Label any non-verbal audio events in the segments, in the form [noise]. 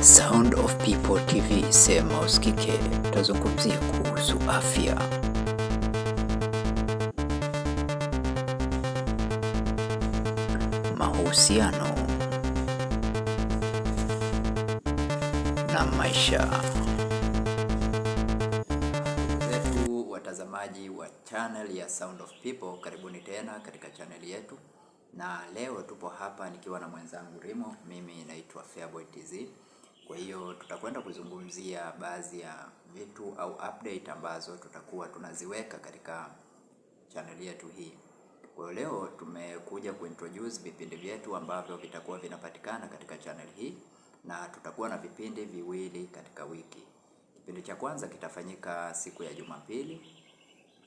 Sound of People TV, sema usikike. Tutazungumzia kuhusu afya. Mahusiano na maisha wetu Watazamaji wa channel ya Sound of People, karibuni tena katika channel yetu, na leo tupo hapa nikiwa na mwenzangu Rimo. Mimi naitwa fairboy TZ. Kwa hiyo tutakwenda kuzungumzia baadhi ya vitu au update ambazo tutakuwa tunaziweka katika chaneli yetu hii. Kwa hiyo leo tumekuja kuintroduce vipindi vyetu ambavyo vitakuwa vinapatikana katika chaneli hii na tutakuwa na vipindi viwili katika wiki. Kipindi cha kwanza kitafanyika siku ya Jumapili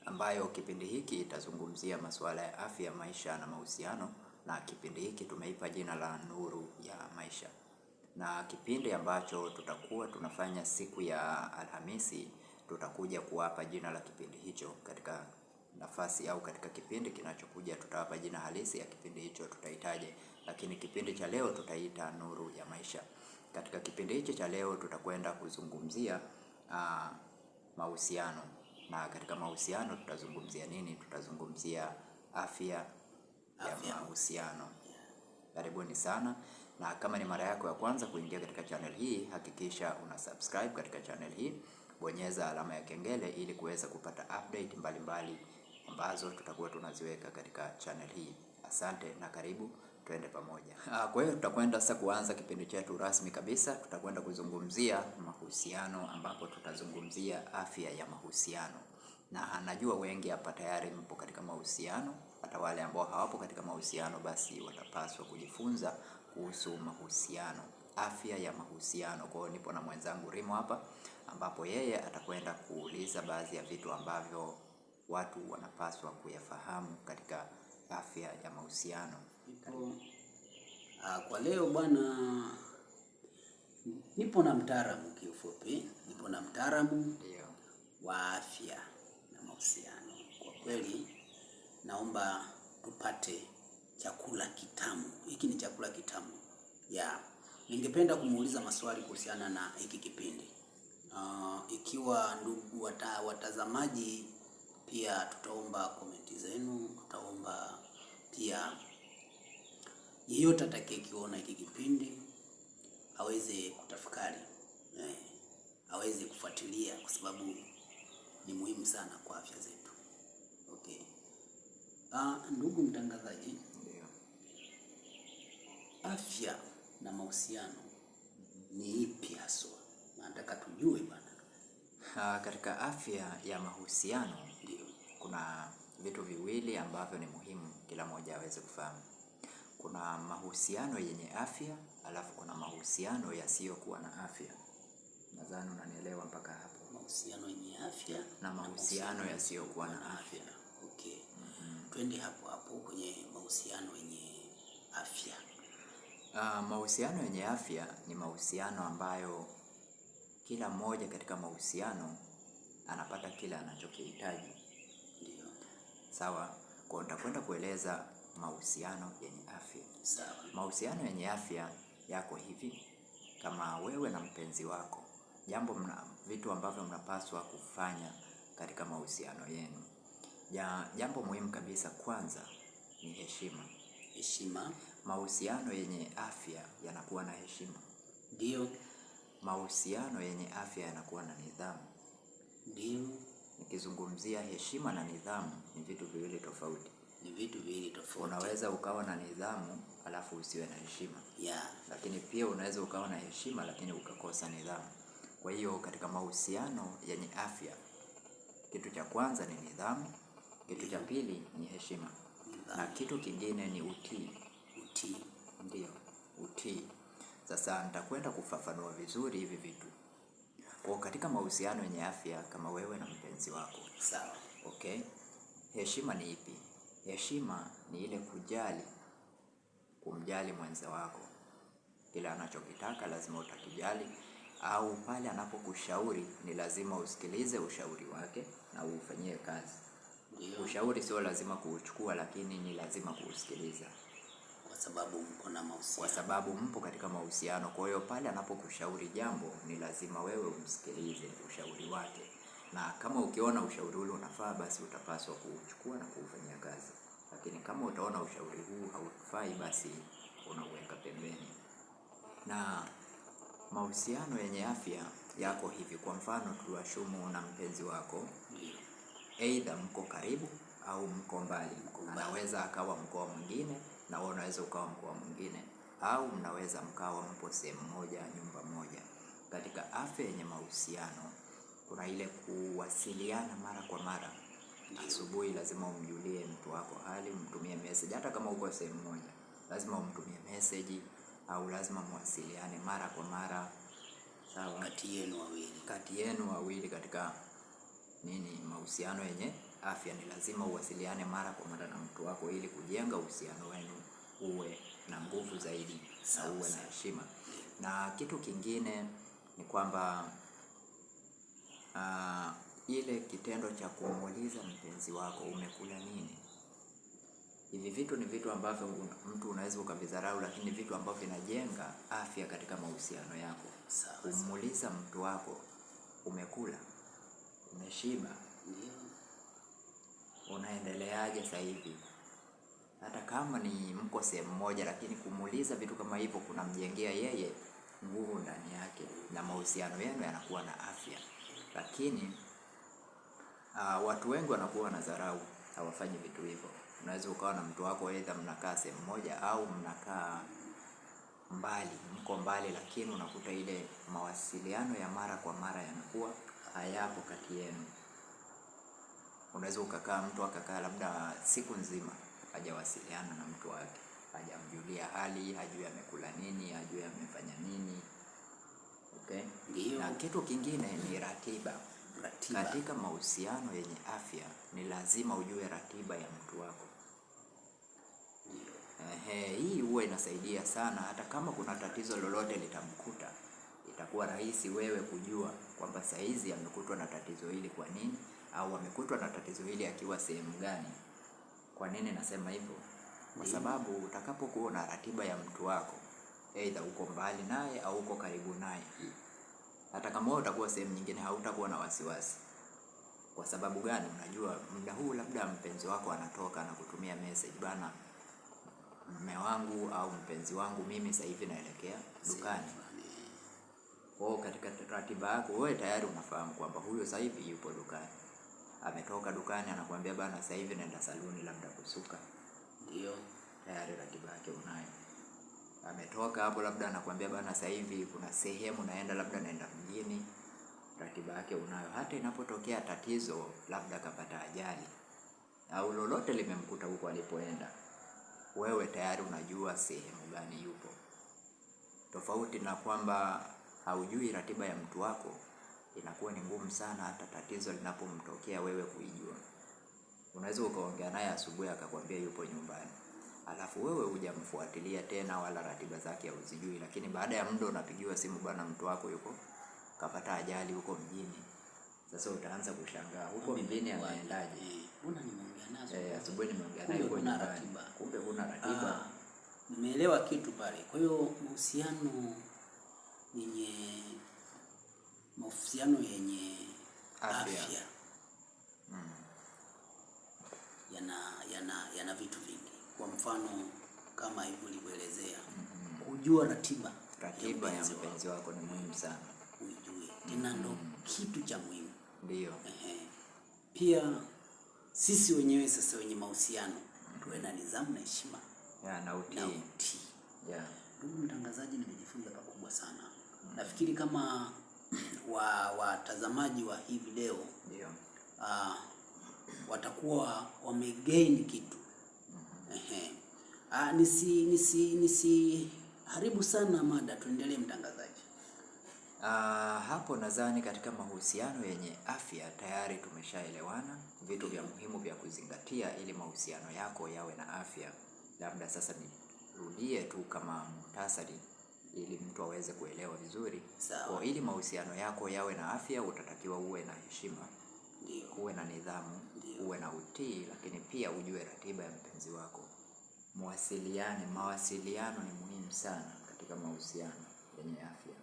ambayo kipindi hiki itazungumzia masuala ya afya, maisha na mahusiano, na kipindi hiki tumeipa jina la Nuru ya Maisha na kipindi ambacho tutakuwa tunafanya siku ya Alhamisi, tutakuja kuwapa jina la kipindi hicho katika nafasi au katika kipindi kinachokuja tutawapa jina halisi ya kipindi hicho tutaitaje, lakini kipindi cha leo tutaita Nuru ya Maisha. Katika kipindi hicho cha leo tutakwenda kuzungumzia uh, mahusiano, na katika mahusiano tutazungumzia nini? Tutazungumzia afya, afya ya mahusiano. Karibuni sana na kama ni mara yako ya kwanza kuingia katika channel hii, hakikisha una subscribe katika channel hii, bonyeza alama ya kengele ili kuweza kupata update mbalimbali ambazo tutakuwa tunaziweka katika channel hii. Asante na karibu, tuende pamoja. [laughs] Ah, kwa hiyo tutakwenda sasa kuanza kipindi chetu rasmi kabisa. Tutakwenda kuzungumzia mahusiano, ambapo tutazungumzia afya ya mahusiano, na anajua wengi hapa tayari mpo katika mahusiano. Hata wale ambao hawapo katika mahusiano, basi watapaswa kujifunza kuhusu mahusiano, afya ya mahusiano. Kwa hiyo nipo na mwenzangu Rimo hapa, ambapo yeye atakwenda kuuliza baadhi ya vitu ambavyo watu wanapaswa kuyafahamu katika afya ya mahusiano. Ah, kwa leo bwana, nipo na mtaalamu kiufupi, nipo na mtaalamu wa afya na mahusiano. Kwa kweli naomba tupate chakula kitamu. Hiki ni chakula kitamu ya yeah. Ningependa kumuuliza maswali kuhusiana na hiki kipindi uh, ikiwa ndugu wata, watazamaji pia tutaomba komenti zenu, tutaomba pia yeyote atakayekiona hiki kipindi aweze kutafakari eh, aweze kufuatilia kwa sababu ni muhimu sana kwa afya zetu. Okay. Ah, ndugu mtangazaji afya na mahusiano ni ipi haswa? Nataka tujue bana. Katika afya ya mahusiano ndio kuna vitu viwili ambavyo ni muhimu kila mmoja aweze kufahamu. Kuna mahusiano yenye afya, alafu kuna mahusiano yasiyokuwa na afya. Nadhani unanielewa mpaka hapo. Mahusiano yenye afya na mahusiano yasiyokuwa na afya. Okay. Mm -hmm. Twende hapo hapo kwenye mahusiano yenye afya. Uh, mahusiano yenye afya ni mahusiano ambayo kila mmoja katika mahusiano anapata kila anachokihitaji. Ndio. Sawa, kwa nitakwenda kueleza mahusiano yenye afya. Sawa. Mahusiano yenye afya yako hivi, kama wewe na mpenzi wako, jambo mna, vitu ambavyo mnapaswa kufanya katika mahusiano yenu. Ja, jambo muhimu kabisa kwanza ni heshima. Heshima mahusiano yenye afya yanakuwa na heshima. Ndio. Mahusiano yenye afya yanakuwa na nidhamu. Ndio. Nikizungumzia heshima na nidhamu ni vitu viwili tofauti. Ni vitu viwili tofauti. Unaweza ukawa na nidhamu alafu usiwe na heshima. Yeah. Lakini pia unaweza ukawa na heshima lakini ukakosa nidhamu. Kwa hiyo katika mahusiano yenye afya, kitu cha kwanza ni nidhamu, kitu cha pili ni heshima, na kitu kingine ni utii utii, ndio utii. Sasa nitakwenda kufafanua vizuri hivi vitu kwa katika mahusiano yenye afya, kama wewe na mpenzi wako sawa. Okay, heshima ni ipi? Heshima ni ile kujali, kumjali mwenza wako, kila anachokitaka lazima utakijali, au pale anapokushauri ni lazima usikilize ushauri wake na uufanyie kazi. Ushauri sio lazima kuuchukua, lakini ni lazima kuusikiliza sababu mko na mahusiano, kwa sababu mpo katika mahusiano. Kwa hiyo pale anapokushauri jambo, ni lazima wewe umsikilize ushauri wake, na kama ukiona ushauri ule unafaa, basi utapaswa kuuchukua na kuufanyia kazi, lakini kama utaona ushauri huu haufai, basi unauweka pembeni. Na mahusiano yenye afya yako hivi, kwa mfano tuwashumu na mpenzi wako, aidha mko karibu au mko mbali, anaweza akawa mkoa mwingine na wewe unaweza ukawa mkoa mwingine, au mnaweza mkawa mpo sehemu moja, nyumba moja. Katika afya yenye mahusiano kuna ile kuwasiliana mara kwa mara. Asubuhi lazima umjulie mtu wako hali, umtumie message. Hata kama uko sehemu moja, lazima umtumie message au lazima mwasiliane mara kwa mara, sawa, kati yenu wawili, kati yenu wawili. Katika nini, mahusiano yenye afya ni lazima uwasiliane mara kwa mara na mtu wako ili kujenga uhusiano wenu uwe na nguvu zaidi na uwe na heshima. Na kitu kingine ni kwamba uh, ile kitendo cha kumuuliza mpenzi wako umekula nini. Hivi vitu ni vitu ambavyo mtu unaweza ukavidharau, lakini vitu ambavyo vinajenga afya katika mahusiano yako. Kumuuliza mtu wako umekula, umeshiba, unaendeleaje sasa hivi hata kama ni mko sehemu moja, lakini kumuuliza vitu kama hivyo kunamjengea yeye nguvu ndani yake na mahusiano yenu yanakuwa na afya. Lakini uh, watu wengi wanakuwa na dharau, hawafanyi vitu hivyo. Unaweza ukawa na mtu wako, aidha mnakaa sehemu moja au mnakaa mbali, mko mbali, lakini unakuta ile mawasiliano ya mara kwa mara yanakuwa hayapo kati yenu. Unaweza ukakaa mtu akakaa labda siku nzima hajawasiliana na mtu wake, hajamjulia hali, hajui amekula nini, hajui amefanya nini. Okay? Na kitu kingine ni ratiba. Ratiba. Katika mahusiano yenye afya ni lazima ujue ratiba ya mtu wako. Ehe, hii huwa inasaidia sana hata kama kuna tatizo lolote litamkuta, itakuwa rahisi wewe kujua kwamba saizi amekutwa na tatizo hili kwa nini, au amekutwa na tatizo hili akiwa sehemu gani. Kwa nini nasema hivyo? Kwa sababu utakapokuwa na ratiba ya mtu wako, aidha uko mbali naye au uko karibu naye, hata kama wewe utakuwa sehemu nyingine, hautakuwa na wasiwasi. Kwa sababu gani? Unajua muda huu labda mpenzi wako anatoka na kutumia message, bana, mme wangu au mpenzi wangu, mimi sasa hivi naelekea dukani. Kwa katika ratiba yako wewe tayari unafahamu kwamba huyo sasa hivi yupo dukani ametoka dukani anakuambia bana, sasa hivi naenda saluni labda kusuka, ndio tayari ratiba yake unayo. Ametoka hapo labda anakuambia bana, sasa hivi kuna sehemu naenda, labda naenda mjini, ratiba yake unayo. Hata inapotokea tatizo, labda kapata ajali au lolote limemkuta huko alipoenda, wewe tayari unajua sehemu gani yupo, tofauti na kwamba haujui ratiba ya mtu wako inakuwa ni ngumu sana hata tatizo linapomtokea wewe kuijua. Unaweza ukaongea naye asubuhi akakwambia yupo nyumbani, alafu wewe hujamfuatilia tena wala ratiba zake hauzijui, lakini baada ya muda unapigiwa simu, bwana, mtu wako yuko kapata ajali huko mjini. Sasa utaanza kushangaa huko mjini ameendaje? Eh, asubuhi nimeongea naye yuko nyumbani, kumbe huna ratiba. Ah, nimeelewa kitu pale. Kwa hiyo uhusiano mahusiano yenye afya, afya. Mm. Yana, yana yana vitu vingi, kwa mfano kama hivyo ulivyoelezea mm -hmm. kujua ratiba ratiba ya mpenzi wako ni muhimu hmm. sana uijue tena, ndo mm -hmm. kitu cha muhimu ndio. Ehe. Pia sisi wenyewe sasa wenye mahusiano tuwe na nidhamu na heshima yeah, na utii ndugu yeah. Mtangazaji, nimejifunza pakubwa sana mm -hmm. nafikiri kama wa watazamaji wa hii video Uh, ah, watakuwa wamegain kitu mm Uh, nisi nisi nisi haribu sana mada, tuendelee mtangazaji. Uh, hapo nadhani katika mahusiano yenye afya tayari tumeshaelewana vitu vya muhimu vya kuzingatia ili mahusiano yako yawe na afya. Labda sasa nirudie tu kama muhtasari ili mtu aweze kuelewa vizuri. Kwa ili mahusiano yako yawe na afya, utatakiwa uwe na heshima, uwe na nidhamu, uwe na utii, lakini pia ujue ratiba ya mpenzi wako. Mwasiliane, mawasiliano ni muhimu sana katika mahusiano yenye afya.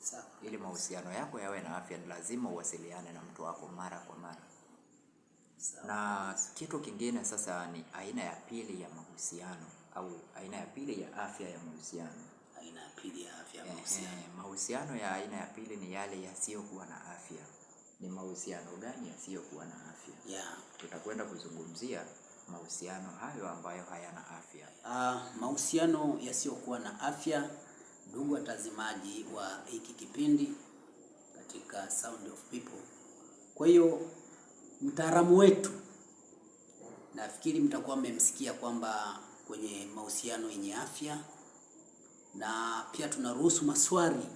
Sawa. Ili mahusiano yako yawe na afya, ni lazima uwasiliane na mtu wako mara kwa mara. Sawa. Na kitu kingine sasa ni aina ya pili ya mahusiano au aina ya pili ya afya ya mahusiano aina ya pili ya afya ya mahusiano. Eh, eh, mahusiano ya aina ya pili ni yale yasiyokuwa na afya. Ni mahusiano gani yasiyokuwa na afya? Yeah. Tutakwenda kuzungumzia mahusiano hayo ambayo hayana afya. Uh, mahusiano yasiyokuwa na afya, ndugu watazamaji wa hiki kipindi katika Sound of People. Kwa hiyo mtaalamu wetu nafikiri mtakuwa mmemsikia kwamba kwenye mahusiano yenye afya na pia tunaruhusu maswali,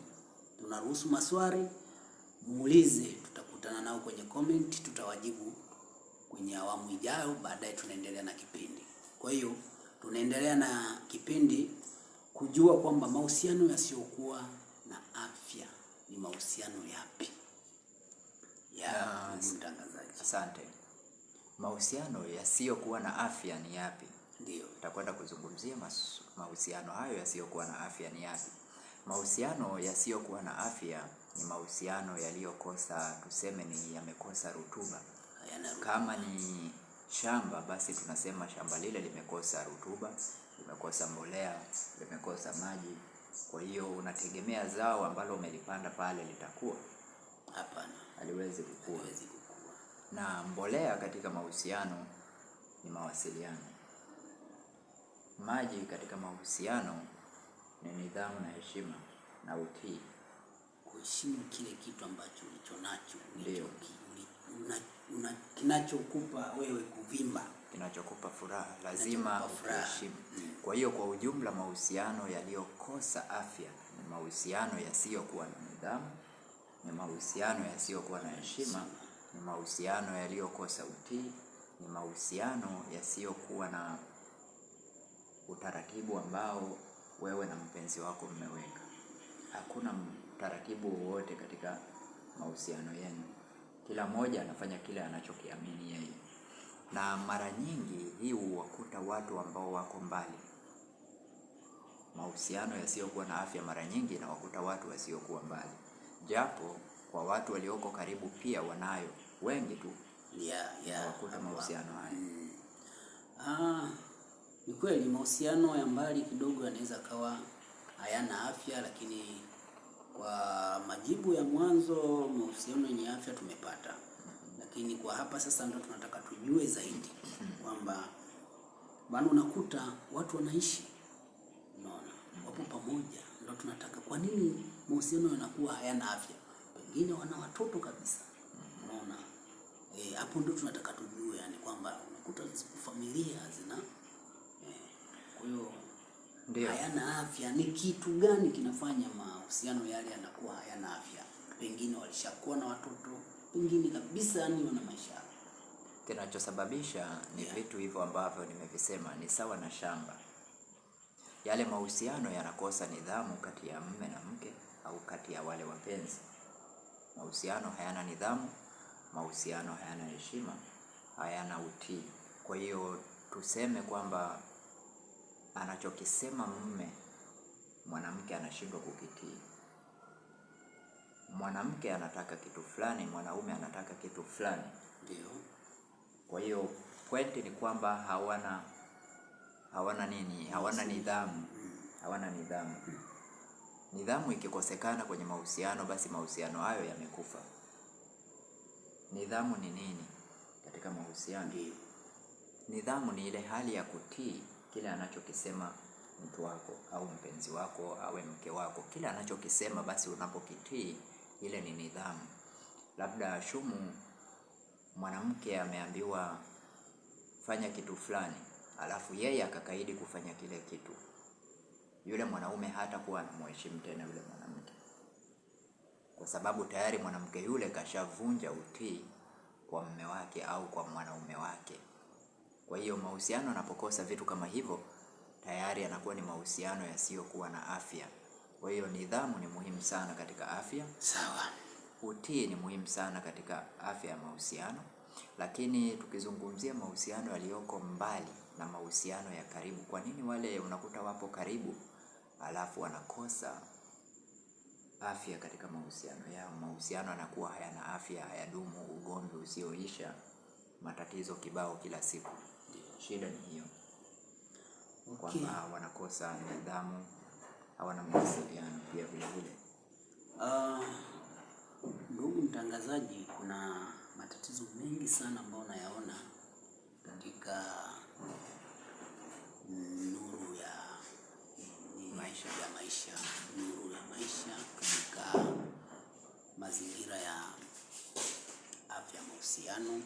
tunaruhusu maswali, muulize, tutakutana nao kwenye comment, tutawajibu kwenye awamu ijayo. Baadaye tunaendelea na kipindi. Kwa hiyo tunaendelea na kipindi kujua kwamba mahusiano yasiyokuwa na afya ni mahusiano yapi ya mtangazaji. Asante. Mahusiano yasiyokuwa na afya ni yapi? Ndio, nitakwenda kuzungumzia mahusiano hayo yasiyokuwa na afya ni yapi. Mahusiano yasiyokuwa na afya ni mahusiano yaliyokosa, tuseme ni yamekosa rutuba. Kama ni shamba, basi tunasema shamba lile limekosa rutuba, limekosa mbolea, limekosa maji. Kwa hiyo unategemea zao ambalo umelipanda pale litakuwa? Hapana, haliwezi kukua. Na mbolea katika mahusiano ni mawasiliano. Maji katika mahusiano ni nidhamu na heshima na utii, kuheshimu kile kitu ambacho ulicho nacho, ndio kinachokupa wewe kuvimba, kinachokupa furaha, lazima uheshimu. Kwa hiyo kwa ujumla, mahusiano yaliyokosa afya ni mahusiano yasiyokuwa na nidhamu, ni mahusiano yasiyokuwa na heshima, ni mahusiano yaliyokosa utii, ni mahusiano yasiyokuwa na utaratibu ambao wewe na mpenzi wako mmeweka. Hakuna utaratibu wowote katika mahusiano yenu, kila mmoja anafanya kile anachokiamini yeye, na mara nyingi hii huwakuta watu ambao wako mbali. Mahusiano yasiyokuwa na afya mara nyingi inawakuta watu wasiokuwa mbali, japo kwa watu walioko karibu pia wanayo wengi tu, yeah, yeah, wakuta mahusiano haya. Hmm. Ah. Ni kweli mahusiano ya mbali kidogo yanaweza kawa hayana afya, lakini kwa majibu ya mwanzo mahusiano yenye afya tumepata, lakini kwa hapa sasa ndio tunataka tujue zaidi kwamba bana, unakuta watu wanaishi, unaona, wapo pamoja, ndio tunataka. Kwa nini mahusiano yanakuwa hayana afya? Pengine wana watoto kabisa, unaona eh, hapo e, ndio tunataka tujue, yani kwamba unakuta familia zina kwa hiyo ndio hayana afya. Ni kitu gani kinafanya mahusiano yale yanakuwa hayana afya? Pengine walishakuwa na watoto, pengine kabisa ni yaani wana maisha. Kinachosababisha ni yeah, vitu hivyo ambavyo nimevisema. Ni sawa na shamba, yale mahusiano yanakosa nidhamu kati ya mume na mke au kati ya wale wapenzi. Mahusiano hayana nidhamu, mahusiano hayana heshima, hayana utii. Kwa hiyo tuseme kwamba anachokisema mume mwanamke anashindwa kukitii. Mwanamke anataka kitu fulani, mwanaume anataka kitu fulani. Ndio. Kwa hiyo pointi ni kwamba hawana hawana nini, hawana nidhamu, mm. hawana nidhamu. Mm. Nidhamu ikikosekana kwenye mahusiano, basi mahusiano hayo yamekufa. Nidhamu ni nini katika mahusiano? Nidhamu ni ile hali ya kutii kile anachokisema mtu wako au mpenzi wako awe mke wako, kile anachokisema basi unapokitii, ile ni nidhamu. Labda Shumu, mwanamke ameambiwa fanya kitu fulani, alafu yeye akakaidi kufanya kile kitu, yule mwanaume hata kuwa anamheshimu tena yule mwanamke, kwa sababu tayari mwanamke yule kashavunja utii kwa mume wake au kwa mwanaume wake. Kwa hiyo mahusiano yanapokosa vitu kama hivyo, tayari yanakuwa ni mahusiano yasiyokuwa na afya. Kwa hiyo nidhamu ni muhimu sana katika afya. Sawa. Utii ni muhimu sana katika afya ya mahusiano, lakini tukizungumzia mahusiano yaliyoko mbali na mahusiano ya karibu, kwa nini wale unakuta wapo karibu alafu wanakosa afya katika mahusiano yao? Mahusiano yanakuwa hayana afya, hayadumu, ugomvi usioisha, matatizo kibao kila siku. Shida ni hiyo okay, kwamba wanakosa nidhamu, hawana mawasiliano pia vile vile. Uh, ndugu mtangazaji, kuna matatizo mengi sana ambayo nayaona katika nuru ya maisha ya maisha, nuru ya maisha katika mazingira ya afya, mahusiano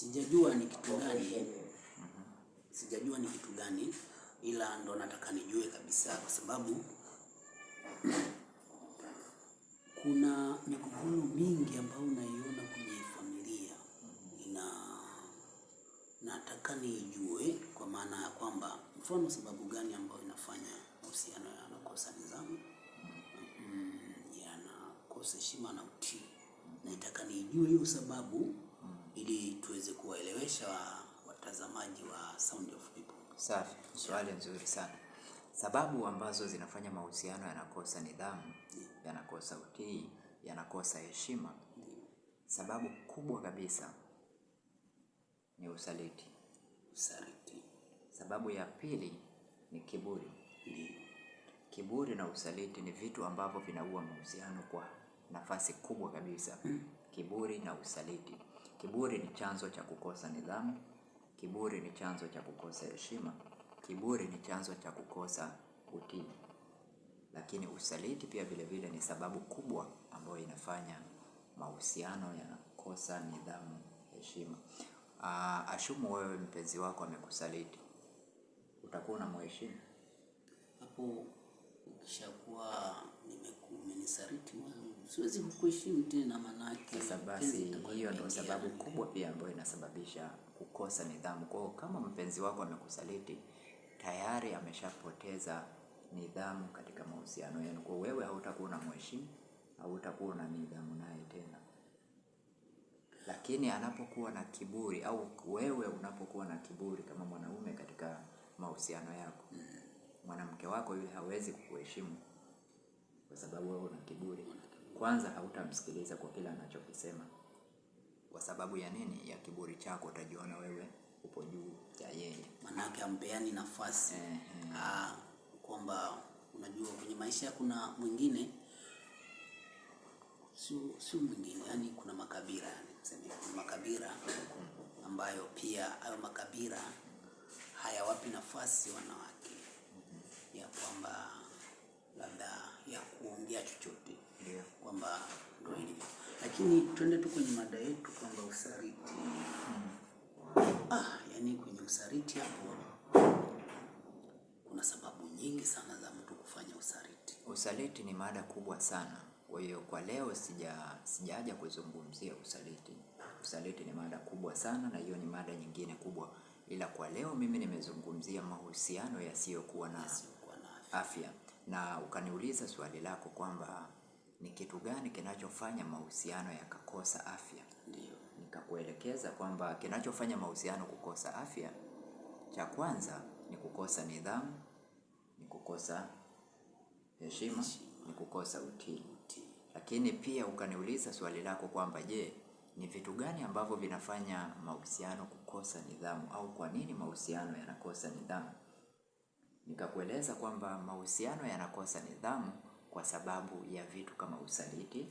sijajua ni kitu gani, mm-hmm. sijajua ni kitu gani, ila ndo nataka nijue kabisa, kwa sababu kuna migogoro mingi ambayo unaiona kwenye familia mm-hmm. ina, nataka niijue kwa maana ya kwamba mfano sababu gani ambayo inafanya mahusiano yanakosa nidhamu mm-hmm. mm, yanakosa heshima na utii, naitaka niijue hiyo sababu ili tuweze kuwaelewesha watazamaji wa Sound of People. Safi, swali nzuri sana. Sababu ambazo zinafanya mahusiano yanakosa nidhamu, yanakosa utii, yanakosa heshima, sababu kubwa kabisa ni usaliti. Usaliti. Sababu ya pili ni kiburi. Kiburi na usaliti ni vitu ambavyo vinaua mahusiano kwa nafasi kubwa kabisa. Hmm. Kiburi na usaliti Kiburi ni chanzo cha kukosa nidhamu, kiburi ni chanzo cha kukosa heshima, kiburi ni chanzo cha kukosa utii. Lakini usaliti pia vile vile ni sababu kubwa ambayo inafanya mahusiano yanakosa nidhamu, heshima. Ah, ashumu wewe mpenzi wako amekusaliti, utakuwa unamheshimu? Hapo ukishakuwa umenisaliti mimi siwezi kukuheshimu tena manake. Sasa basi, hiyo ndo sababu kubwa pia ambayo inasababisha kukosa nidhamu. Kwa hiyo kama mpenzi wako amekusaliti tayari, ameshapoteza nidhamu katika mahusiano yenu, kwa wewe hautakuwa mheshimu, hautakuwa na nidhamu naye tena. Lakini anapokuwa na kiburi au wewe unapokuwa na kiburi kama mwanaume katika mahusiano yako mm. mwanamke wako yule hawezi kukuheshimu kwa sababu wewe una kiburi. Kwanza hautamsikiliza kwa kila anachokisema. Kwa sababu ya nini? Ya kiburi chako utajiona wewe upo juu ya yeye. Manake ampeani nafasi eh, eh. Ah, kwamba unajua kwenye maisha kuna mwingine sio mwingine, yani kuna makabila yani, tuseme kuna makabila ambayo pia hayo makabila hayawapi nafasi wanawake mm-hmm. ya kwamba labda ya kuongea chochote kwamba ndio hivyo, lakini twende tu kwenye mada yetu kwamba usaliti hmm. Ah, yani kwenye usaliti hapo kuna sababu nyingi sana za mtu kufanya usaliti. Usaliti ni mada kubwa sana, kwa hiyo kwa leo sija sijaja kuzungumzia usaliti. Usaliti ni mada kubwa sana, na hiyo ni mada nyingine kubwa, ila kwa leo mimi nimezungumzia mahusiano yasiyokuwa na afya, na ukaniuliza swali lako kwamba ni kitu gani kinachofanya mahusiano yakakosa afya. ndio Nikakuelekeza kwamba kinachofanya mahusiano kukosa afya, cha kwanza ni kukosa nidhamu, ni kukosa heshima, ni kukosa utii. Lakini pia ukaniuliza swali lako kwamba je, ni vitu gani ambavyo vinafanya mahusiano kukosa nidhamu au kwa nini mahusiano yanakosa nidhamu? Nikakueleza kwamba mahusiano yanakosa nidhamu kwa sababu ya vitu kama usaliti,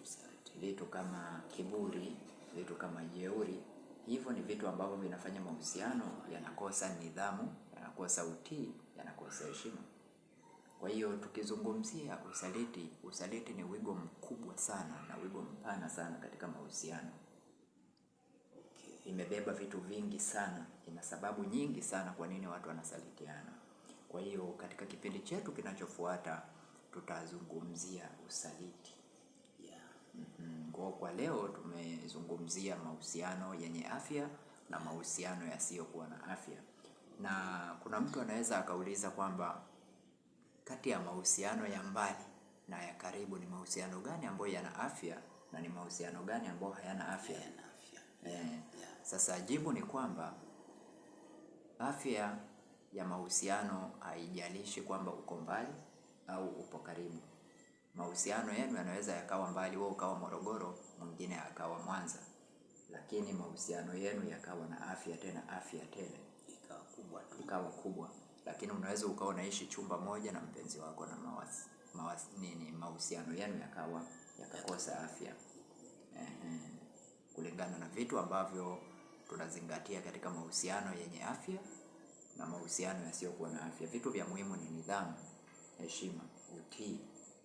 vitu kama kiburi, vitu kama jeuri. Hivyo ni vitu ambavyo vinafanya mahusiano yanakosa nidhamu, yanakosa utii, yanakosa heshima. Kwa hiyo tukizungumzia usaliti, usaliti ni wigo mkubwa sana na wigo mpana sana katika mahusiano. Imebeba vitu vingi sana, ina sababu nyingi sana kwa nini watu wanasalitiana. Kwa hiyo katika kipindi chetu kinachofuata tutazungumzia usaliti yeah. mm -hmm. Kwa kwa leo tumezungumzia mahusiano yenye afya na mahusiano yasiyokuwa na afya, na kuna mtu anaweza akauliza kwamba kati ya mahusiano ya mbali na ya karibu ni mahusiano gani ambayo yana afya na ni mahusiano gani ambayo hayana afya? Hayana afya. Yeah. Yeah. Sasa jibu ni kwamba afya ya mahusiano haijalishi kwamba uko mbali au upo karibu. Mahusiano yenu yanaweza yakawa mbali, wewe ukawa Morogoro, mwingine akawa Mwanza, lakini mahusiano yenu yakawa na afya tena afya tele, ikawa kubwa, ikawa kubwa. Lakini unaweza ukawa unaishi chumba moja na mpenzi wako na mawasi, mawasi, nini, mahusiano yenu yakawa yakakosa afya ehe, kulingana na vitu ambavyo tunazingatia katika mahusiano yenye afya na mahusiano yasiyokuwa na afya. Vitu vya muhimu ni nidhamu heshima, utii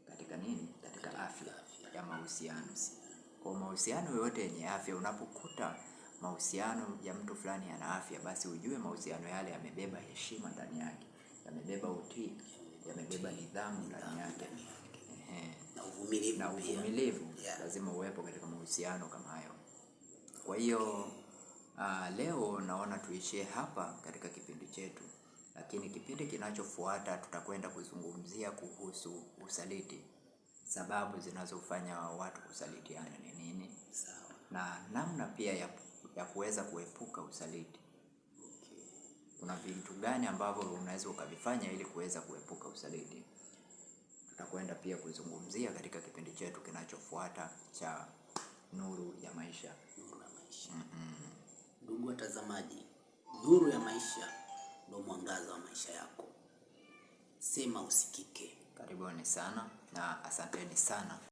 katika nini, katika afya ya mahusiano. Kwa mahusiano yoyote yenye afya, unapokuta mahusiano ya mtu fulani yana afya, basi ujue mahusiano yale yamebeba heshima ndani yake, yamebeba utii, yamebeba nidhamu ndani yake na uvumilivu, na uvumilivu yeah. Lazima uwepo katika mahusiano kama hayo. Kwa hiyo uh, leo naona tuishie hapa katika kipindi chetu lakini kipindi kinachofuata tutakwenda kuzungumzia kuhusu usaliti, sababu zinazofanya watu kusalitiana ni nini, sawa, na namna pia ya, ya kuweza kuepuka usaliti. Okay. Kuna vitu gani ambavyo unaweza ukavifanya ili kuweza kuepuka usaliti? Tutakwenda pia kuzungumzia katika kipindi chetu kinachofuata cha Nuru ya Maisha. Nuru ya Maisha. Mm -mm. Ndugu watazamaji, Nuru ya Maisha ndio mwangaza wa maisha yako. Sema usikike. Karibuni sana na asanteni sana.